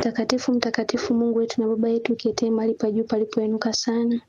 Mtakatifu, mtakatifu Mungu wetu na Baba yetu ukietee mahali pa juu palipoinuka sana,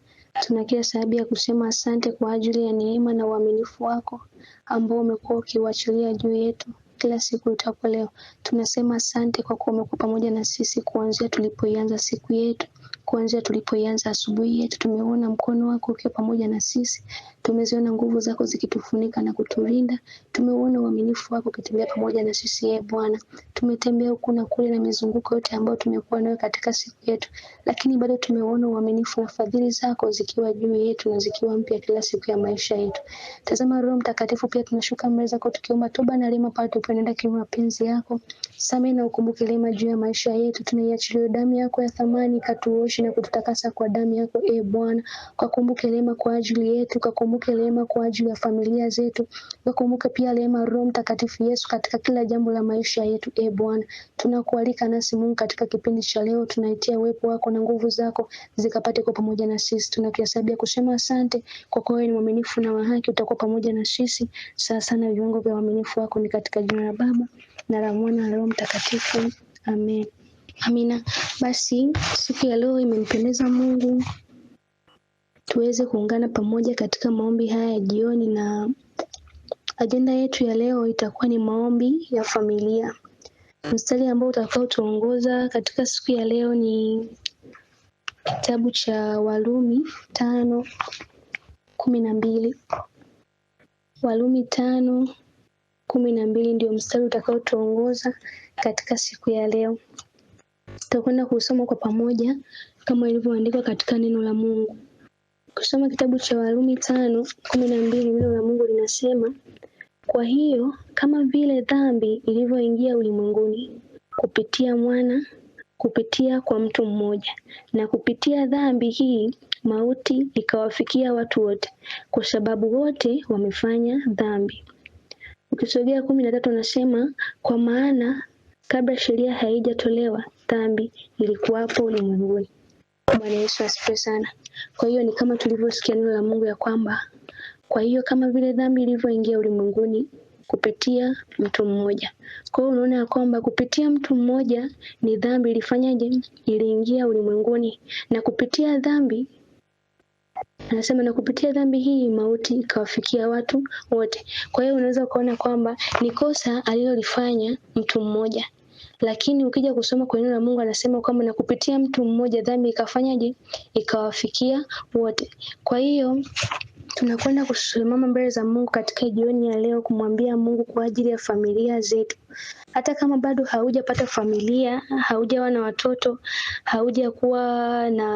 tuna kila sababu ya kusema asante kwa ajili ya neema na uaminifu wako ambao umekuwa ukiuachilia juu yetu kila siku itapo leo. Tunasema asante kwa kuwa umekuwa pamoja na sisi kuanzia tulipoianza siku yetu Kuanzia tulipoianza asubuhi yetu, tumeona mkono wako ukiwa pamoja na sisi, tumeziona nguvu zako zikitufunika na kutulinda, tumeona uaminifu wako ukitembea pamoja na sisi, ye ee Bwana. Tumetembea huku na kule na mizunguko yote ambayo tumekuwa nayo katika siku yetu, lakini bado tumeona uaminifu na fadhili zako zikiwa juu yetu na zikiwa mpya kila siku ya maisha yetu. Tazama Roho Mtakatifu, pia tunashuka mbele zako tukiomba toba na rehema pale tunapoenda kinyume na mapenzi yako. Samehe na ukumbuke rehema juu ya maisha yetu, tunaiachilia damu yako ya thamani katuoshe na kututakasa kwa damu yako e Bwana. Kakumbuke rehema kwa ajili yetu, kakumbuke rehema kwa ajili ya familia zetu, kakumbuke pia rehema Roho Mtakatifu Yesu katika kila jambo la maisha yetu e Bwana. Tunakualika nasi Mungu katika kipindi cha leo, tunaitia uwepo wako na nguvu zako zikapate kwa pamoja na sisi. Tunakuhesabia kusema asante kwa kuwa ni mwaminifu na wa haki, utakuwa pamoja na sisi sasa sana. viungo vya uaminifu wako, ni katika jina la Baba na la Mwana na Roho Mtakatifu, amen. Amina. Basi siku ya leo imempendeza Mungu tuweze kuungana pamoja katika maombi haya ya jioni, na ajenda yetu ya leo itakuwa ni maombi ya familia. Mstari ambao utakao tuongoza katika siku ya leo ni kitabu cha Warumi tano kumi na mbili. Warumi tano kumi na mbili ndio mstari utakaotuongoza katika siku ya leo. Tutakwenda kusoma kwa pamoja kama ilivyoandikwa katika neno la Mungu. Kusoma kitabu cha Warumi tano kumi na mbili neno la Mungu linasema, kwa hiyo kama vile dhambi ilivyoingia ulimwenguni kupitia mwana, kupitia kwa mtu mmoja, na kupitia dhambi hii mauti ikawafikia watu wote, kwa sababu wote wamefanya dhambi. Ukisogea kumi na tatu anasema, kwa maana kabla sheria haijatolewa dhambi ilikuwapo ulimwenguni. Bwana Yesu asifiwe sana. Kwa hiyo ni kama tulivyosikia neno la Mungu ya kwamba kwa hiyo kama vile dhambi ilivyoingia ulimwenguni kupitia mtu mmoja. Kwa hiyo unaona ya kwamba kupitia mtu mmoja ni dhambi ilifanyaje? Iliingia ulimwenguni na kupitia dhambi anasema na kupitia dhambi hii mauti ikawafikia watu wote. Kwa hiyo unaweza ukaona kwamba ni kosa alilolifanya mtu mmoja, lakini ukija kusoma kwa neno la Mungu anasema kwamba na kupitia mtu mmoja dhambi ikafanyaje? Ikawafikia wote. Kwa hiyo tunakwenda kusimama mbele za Mungu katika jioni ya leo kumwambia Mungu kwa ajili ya familia zetu, hata kama bado haujapata familia, haujawa na watoto, haujakuwa na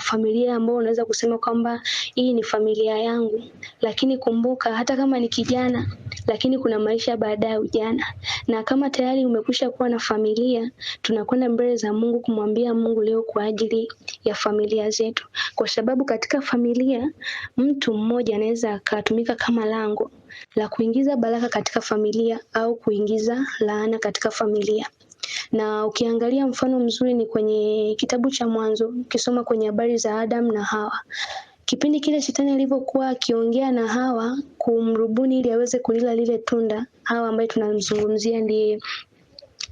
familia ambayo unaweza kusema kwamba hii ni familia yangu, lakini kumbuka, hata kama ni kijana, lakini kuna maisha baada ya ujana, na kama tayari umekwisha kuwa na familia, tunakwenda mbele za Mungu kumwambia Mungu leo kwa ajili ya familia zetu, kwa sababu katika familia mtu mmoja anaweza akatumika kama lango la kuingiza baraka katika familia au kuingiza laana katika familia na ukiangalia mfano mzuri ni kwenye kitabu cha Mwanzo, ukisoma kwenye habari za Adam na Hawa, kipindi kile shetani alivyokuwa akiongea na Hawa kumrubuni ili aweze kulila lile tunda, Hawa ambaye tunamzungumzia ndiye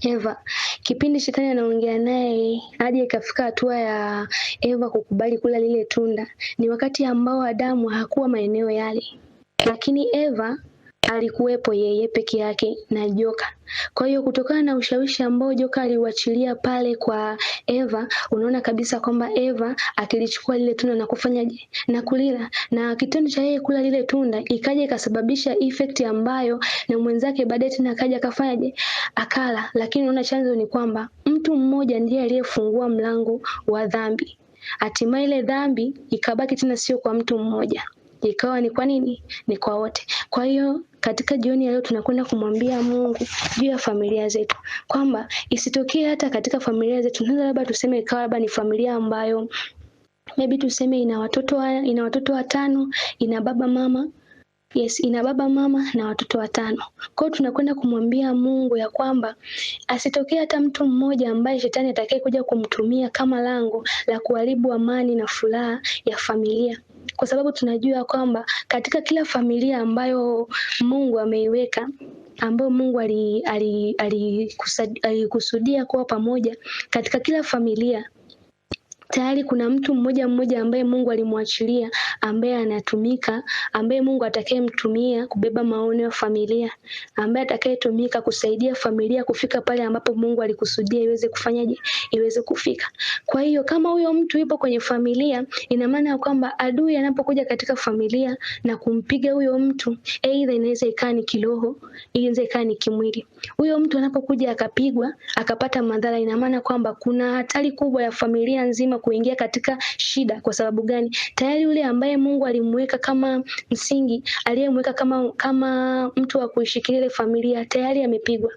Eva. Kipindi shetani anaongea naye hadi ikafika hatua ya Eva kukubali kula lile tunda, ni wakati ambao Adamu hakuwa maeneo yale. Eh. lakini Eva alikuwepo yeye peke yake na joka. Kwa hiyo kutokana na ushawishi ambao joka aliuachilia pale kwa Eva, unaona kabisa kwamba Eva akilichukua lile tunda na kufanya na kulila, na kitendo cha yeye kula lile tunda ikaja ikasababisha effect ambayo na mwenzake baadaye tena akaja akafanyaje, akala. Lakini unaona chanzo ni kwamba mtu mmoja ndiye aliyefungua mlango wa dhambi, hatimaye ile dhambi ikabaki tena sio kwa mtu mmoja ikawa ni kwa nini? Ni kwa wote. Kwa hiyo katika jioni ya leo tunakwenda kumwambia Mungu juu ya familia zetu, kwamba isitokee hata katika familia zetu, tunaweza labda tuseme ikawa labda ni familia ambayo maybe tuseme ina watoto ina watoto watano, ina baba mama Yes, ina baba mama na watoto watano. Kwa hiyo tunakwenda kumwambia Mungu ya kwamba asitokee hata mtu mmoja ambaye shetani atakaye kuja kumtumia kama lango la kuharibu amani na furaha ya familia kwa sababu tunajua kwamba katika kila familia ambayo Mungu ameiweka ambayo Mungu alikusudia ali, ali, ali kuwa pamoja katika kila familia tayari kuna mtu mmoja mmoja ambaye Mungu alimwachilia ambaye anatumika ambaye Mungu atakayemtumia kubeba maono ya familia ambaye atakayetumika kusaidia familia kufika pale ambapo Mungu alikusudia iweze kufanyaje iweze kufika. Kwa hiyo kama huyo mtu yupo kwenye familia, ina maana ya kwamba adui anapokuja katika familia na kumpiga huyo mtu, aidha inaweza ikaa ni kiroho, inaweza ikaa ni kimwili. Huyo mtu anapokuja akapigwa, akapata madhara, ina maana kwamba kuna hatari kubwa ya familia nzima kuingia katika shida. Kwa sababu gani? Tayari yule ambaye Mungu alimweka kama msingi, aliyemweka kama kama mtu wa kuishikilia ile familia, tayari amepigwa.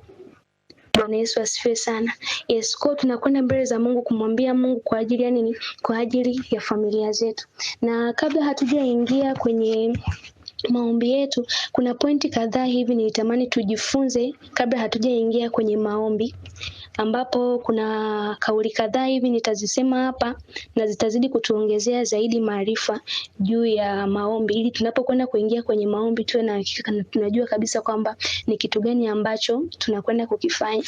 Bwana Yesu asifiwe sana. Yes, kwa tunakwenda mbele za Mungu kumwambia Mungu kwa ajili ya nini? Kwa ajili ya familia zetu. Na kabla hatujaingia kwenye maombi yetu, kuna pointi kadhaa hivi nilitamani tujifunze kabla hatujaingia kwenye maombi ambapo kuna kauli kadhaa hivi nitazisema hapa na zitazidi kutuongezea zaidi maarifa juu ya maombi, ili tunapokwenda kuingia kwenye maombi tuwe na hakika na tunajua kabisa kwamba ni kitu gani ambacho tunakwenda kukifanya.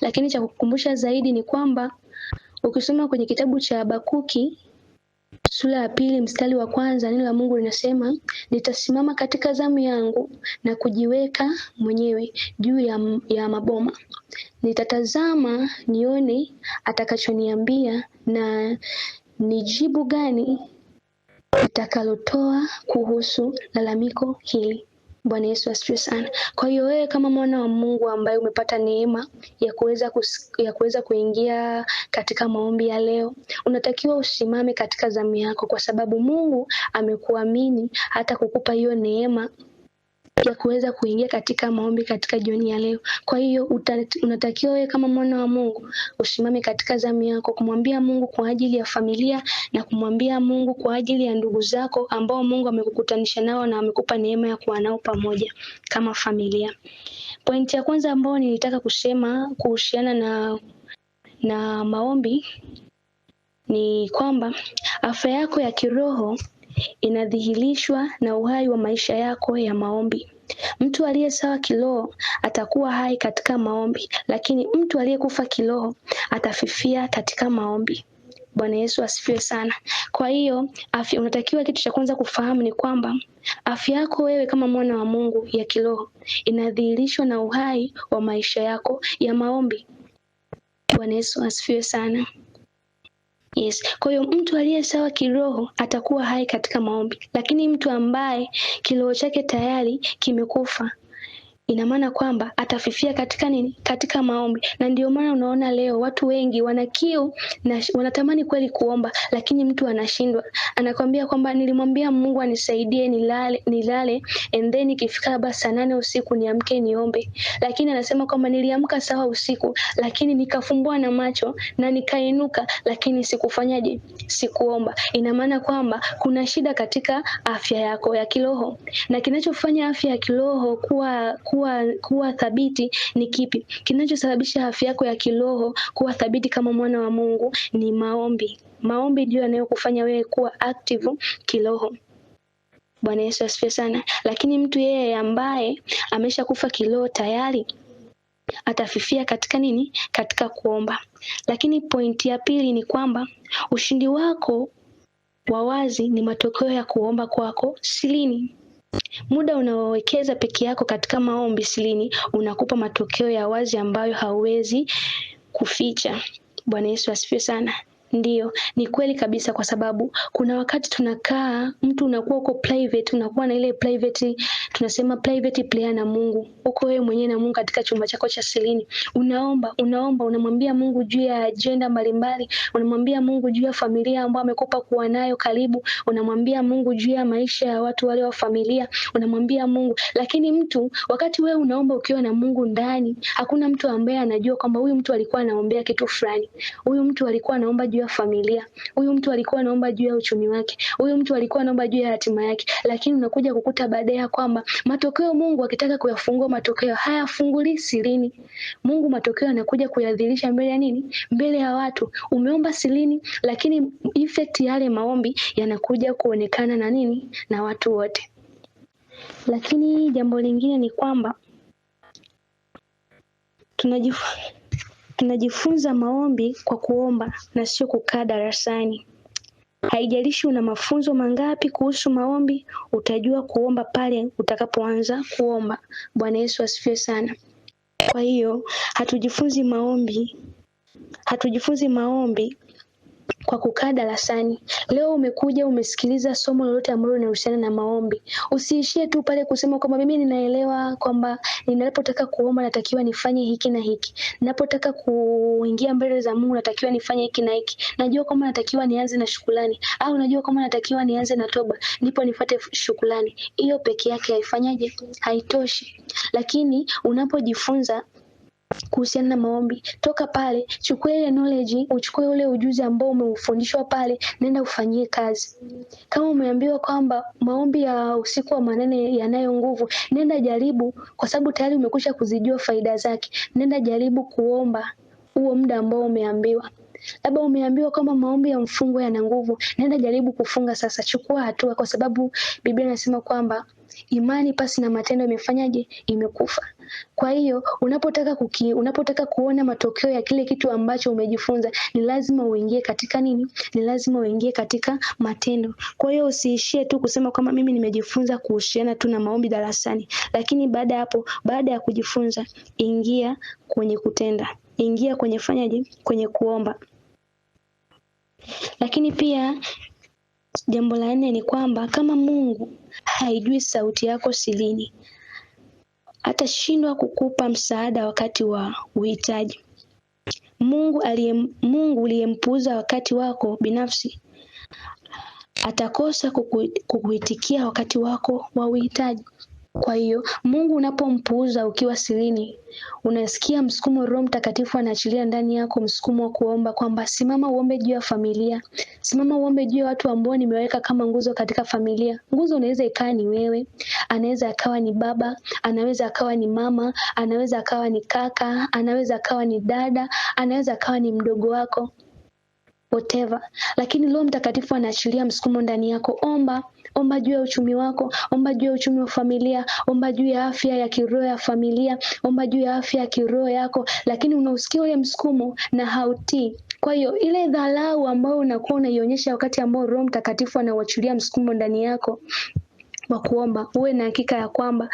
Lakini cha kukumbusha zaidi ni kwamba ukisoma kwenye kitabu cha Habakuki sura ya pili mstari wa kwanza neno la Mungu linasema, nitasimama katika zamu yangu na kujiweka mwenyewe juu ya, ya maboma, nitatazama nione atakachoniambia na ni jibu gani nitakalotoa kuhusu lalamiko hili. Bwana Yesu asifiwe sana. Kwa hiyo wewe kama mwana wa Mungu ambaye umepata neema ya kuweza ya kuweza kuingia katika maombi ya leo, unatakiwa usimame katika zamu yako, kwa sababu Mungu amekuamini hata kukupa hiyo neema ya kuweza kuingia katika maombi katika jioni ya leo. Kwa hiyo unatakiwa wewe kama mwana wa Mungu usimame katika zamu yako kumwambia Mungu kwa ajili ya familia na kumwambia Mungu kwa ajili ya ndugu zako ambao Mungu amekukutanisha nao na amekupa neema ya kuwa nao pamoja kama familia. Pointi ya kwanza ambayo nilitaka kusema kuhusiana na na maombi ni kwamba afya yako ya kiroho inadhihirishwa na uhai wa maisha yako ya maombi. Mtu aliye sawa kiroho atakuwa hai katika maombi, lakini mtu aliyekufa kiroho atafifia katika maombi. Bwana Yesu asifiwe sana. Kwa hiyo afya, unatakiwa kitu cha kwanza kufahamu ni kwamba afya yako wewe kama mwana wa Mungu ya kiroho inadhihirishwa na uhai wa maisha yako ya maombi. Bwana Yesu asifiwe sana. Yes. Kwa hiyo mtu aliye sawa kiroho atakuwa hai katika maombi, lakini mtu ambaye kiroho chake tayari kimekufa ina maana kwamba atafifia katika nini? Katika maombi. Na ndio maana unaona leo watu wengi wana kiu na wanatamani kweli kuomba, lakini mtu anashindwa, anakwambia kwamba nilimwambia Mungu anisaidie nilale, nilale and then ikifika basi saa nane usiku niamke niombe, lakini anasema kwamba niliamka sawa usiku, lakini nikafumbua na macho na nikainuka, lakini sikufanyaje? Sikuomba. Ina maana kwamba kuna shida katika afya yako ya kiroho, na kinachofanya afya ya kiroho kuwa, kuwa kuwa, kuwa thabiti ni kipi? Kinachosababisha afya yako ya kiroho kuwa thabiti kama mwana wa Mungu ni maombi. Maombi ndio yanayokufanya wewe kuwa active kiroho. Bwana Yesu asifiwe sana. Lakini mtu yeye ambaye ameshakufa kiroho tayari atafifia katika nini? Katika kuomba. Lakini pointi ya pili ni kwamba ushindi wako wa wazi ni matokeo ya kuomba kwako silini. Muda unaowekeza peke yako katika maombi silini unakupa matokeo ya wazi ambayo hauwezi kuficha. Bwana Yesu asifiwe sana. Ndiyo, ni kweli kabisa kwa sababu kuna wakati tunakaa mtu unakuwa uko private, unakuwa na ile private tunasema private prayer na Mungu. Uko wewe mwenyewe na Mungu katika chumba chako cha silini. Unaomba, unaomba, unamwambia Mungu juu ya ajenda mbalimbali, unamwambia Mungu juu ya familia ambayo amekopa kuwa nayo karibu, unamwambia Mungu juu ya maisha ya watu wale wa familia, unamwambia Mungu. Lakini mtu wakati wewe unaomba ukiwa na Mungu ndani, hakuna mtu ambaye anajua kwamba huyu mtu alikuwa anaombea kitu fulani. Huyu mtu alikuwa anaomba juu juu ya familia, huyu mtu alikuwa anaomba juu ya uchumi wake, huyu mtu alikuwa anaomba juu ya hatima yake, lakini unakuja kukuta baadaye ya kwamba matokeo, Mungu akitaka kuyafungua matokeo hayafungulii sirini. Mungu matokeo anakuja kuyadhilisha mbele ya nini? Mbele ya watu. Umeomba sirini, lakini effect yale maombi yanakuja kuonekana na nini? Na watu wote. Lakini jambo lingine ni kwamba tunajifunza Tunajifunza maombi kwa kuomba na sio kukaa darasani. Haijalishi una mafunzo mangapi kuhusu maombi, utajua kuomba pale utakapoanza kuomba. Bwana Yesu asifiwe sana. Kwa hiyo hatujifunzi maombi, hatujifunzi maombi kwa kukaa darasani. Leo umekuja umesikiliza somo lolote ambalo linahusiana na maombi. Usiishie tu pale kusema kwamba mimi ninaelewa kwamba ninapotaka kuomba natakiwa nifanye hiki na hiki, ninapotaka kuingia mbele za Mungu natakiwa nifanye hiki na hiki, najua kwamba natakiwa nianze na shukrani, au najua kwamba natakiwa nianze na toba, ndipo nifate shukrani. Hiyo peke yake haifanyaje, haitoshi. Lakini unapojifunza kuhusiana na maombi. Toka pale, chukua ile knowledge, uchukue ule ujuzi ambao umeufundishwa pale, nenda ufanyie kazi. Kama umeambiwa kwamba maombi ya usiku wa manane yanayo nguvu, nenda jaribu, kwa sababu tayari umekwisha kuzijua faida zake. Nenda jaribu kuomba huo muda ambao umeambiwa. Labda umeambiwa kwamba maombi ya mfungo yana nguvu, naenda jaribu kufunga sasa, chukua hatua, kwa sababu Biblia inasema kwamba imani pasi na matendo imefanyaje? Imekufa. Kwa hiyo unapotaka kuki, unapotaka kuona matokeo ya kile kitu ambacho umejifunza ni lazima uingie katika nini? Ni lazima uingie katika matendo. Kwa hiyo usiishie tu kusema kwamba mimi nimejifunza kuhusiana tu na maombi darasani, lakini baada ya hapo, baada ya kujifunza, ingia kwenye kutenda, ingia kwenye fanyaje? Kwenye kuomba. Lakini pia jambo la nne ni kwamba kama Mungu haijui sauti yako silini, atashindwa kukupa msaada wakati wa uhitaji. Mungu aliye Mungu uliyempuuza wakati wako binafsi atakosa kukuitikia wakati wako wa uhitaji. Kwa hiyo Mungu unapompuuza ukiwa sirini, unasikia msukumo, Roho Mtakatifu anaachilia ndani yako msukumo wa kuomba kwamba simama uombe juu ya familia, simama uombe juu ya watu ambao nimeweka kama nguzo katika familia. Nguzo inaweza ikawa ni wewe, anaweza akawa ni baba, anaweza akawa ni mama, anaweza akawa ni kaka, anaweza akawa ni dada, anaweza akawa ni mdogo wako whatever. Lakini Roho Mtakatifu anaachilia msukumo ndani yako. Omba, omba juu ya uchumi wako, omba juu ya uchumi wa familia, omba juu ya afya ya kiroho ya familia, omba juu ya afya ya kiroho yako, lakini unausikia ule msukumo na hautii. Kwa hiyo ile dharau ambayo unakuwa unaionyesha wakati ambao Roho Mtakatifu anawachilia msukumo ndani yako, wa kuomba, uwe na hakika ya kwamba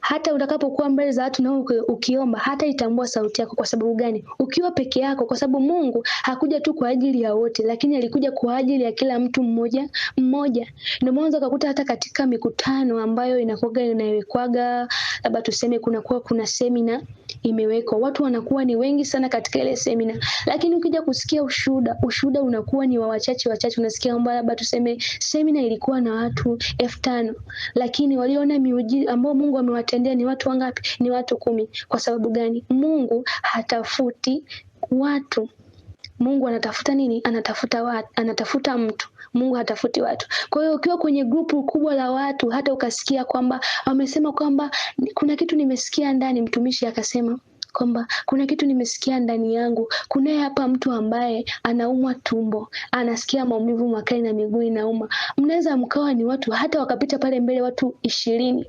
hata utakapokuwa mbele za watu na ukiomba, hata itambua sauti yako. Kwa sababu gani? Ukiwa peke yako, kwa sababu Mungu hakuja tu kwa ajili ya wote, lakini alikuja kwa ajili ya kila mtu mmoja mmoja. Ndio mwanzo akakuta hata katika mikutano ambayo inakuwa inawekwaga, labda tuseme kuna kuwa kuna semina imewekwa, watu wanakuwa ni wengi sana katika ile semina, lakini ukija kusikia ushuhuda, ushuhuda unakuwa ni wa wachache wachache. Unasikia kwamba labda tuseme semina ilikuwa na watu elfu tano lakini waliona miujiza ambao Mungu amewatendea ni watu wangapi? Ni watu kumi. Kwa sababu gani? Mungu hatafuti watu. Mungu anatafuta nini? Anatafuta watu, anatafuta mtu. Mungu hatafuti watu. Kwa hiyo ukiwa kwenye grupu kubwa la watu, hata ukasikia kwamba wamesema kwamba kuna kitu nimesikia ndani, mtumishi akasema kwamba kuna kitu nimesikia ndani yangu. Kunaye hapa mtu ambaye anaumwa tumbo, anasikia maumivu makali na miguu inauma. Mnaweza mkawa ni watu hata wakapita pale mbele watu ishirini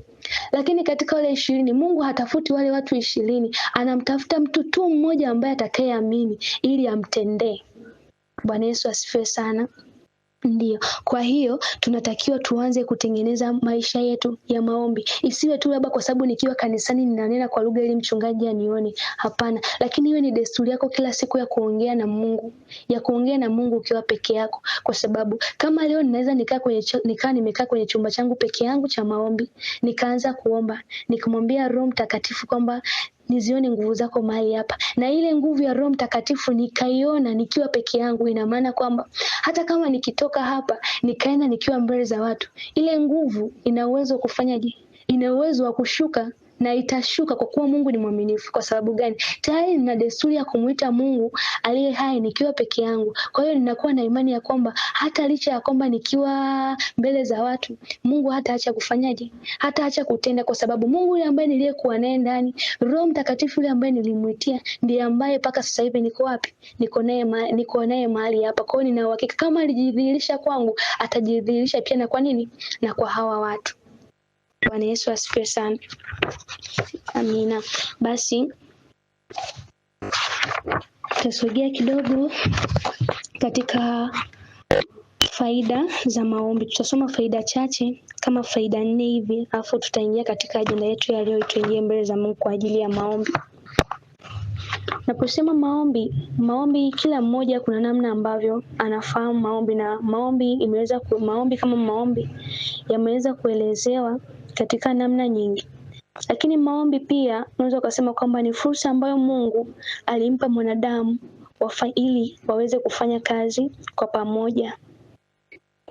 lakini katika wale ishirini Mungu hatafuti wale watu ishirini, anamtafuta mtu tu mmoja ambaye atakayeamini ili amtendee. Bwana Yesu asifiwe sana ndio kwa hiyo tunatakiwa tuanze kutengeneza maisha yetu ya maombi. Isiwe tu labda kwa sababu nikiwa kanisani ninanena kwa lugha ili mchungaji anione. Hapana, lakini iwe ni desturi yako kila siku ya kuongea na Mungu, ya kuongea na Mungu ukiwa peke yako, kwa sababu kama leo ninaweza nikaa kwenye nikaa nimekaa kwenye chumba changu peke yangu cha maombi, nikaanza kuomba, nikamwambia Roho Mtakatifu kwamba nizione nguvu zako mahali hapa, na ile nguvu ya Roho Mtakatifu nikaiona nikiwa peke yangu. Ina maana kwamba hata kama nikitoka hapa nikaenda nikiwa mbele za watu, ile nguvu ina uwezo kufanya, ina uwezo wa kushuka na itashuka kwa kuwa Mungu ni mwaminifu. Kwa sababu gani? Tayari nina desturi ya kumwita Mungu aliye hai nikiwa peke yangu. Kwa hiyo ninakuwa na imani ya kwamba hata licha ya kwamba nikiwa mbele za watu, Mungu hata acha kufanyaje, acha kutenda, kwa sababu Mungu yule ambaye niliyekuwa naye ndani, Roho Mtakatifu yule ambaye nilimwitia, ndiye ambaye mpaka sasa hivi niko wapi? Niko naye, niko naye mahali hapa. Kwa hiyo nina uhakika kama alijidhihirisha kwangu, atajidhihirisha pia. Na kwa nini? Na kwa hawa watu. Bwana Yesu asifiwe sana. Amina. Basi tutasogea kidogo katika faida za maombi. Tutasoma faida chache kama faida nne hivi, alafu tutaingia katika ajenda yetu ya leo, ituingie mbele za Mungu kwa ajili ya maombi. Naposema maombi, maombi kila mmoja kuna namna ambavyo anafahamu maombi na maombi imeweza ku, maombi kama maombi yameweza kuelezewa katika namna nyingi. Lakini maombi pia unaweza ukasema kwamba ni fursa ambayo Mungu alimpa mwanadamu ili waweze kufanya kazi kwa pamoja.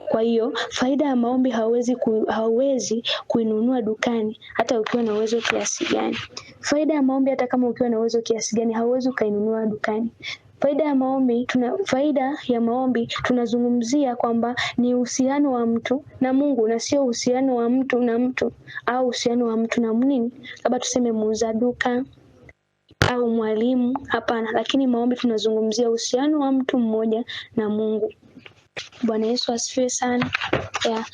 Kwa hiyo faida ya maombi hauwezi ku, hauwezi kuinunua dukani hata ukiwa na uwezo kiasi gani. Faida ya maombi hata kama ukiwa na uwezo kiasi gani hauwezi ukainunua dukani. Faida ya maombi tuna, faida ya maombi tunazungumzia kwamba ni uhusiano wa mtu na Mungu na sio uhusiano wa mtu na mtu au uhusiano wa mtu na nini, labda tuseme muuza duka au mwalimu. Hapana, lakini maombi tunazungumzia uhusiano wa mtu mmoja na Mungu. Bwana Yesu asifiwe sana yeah.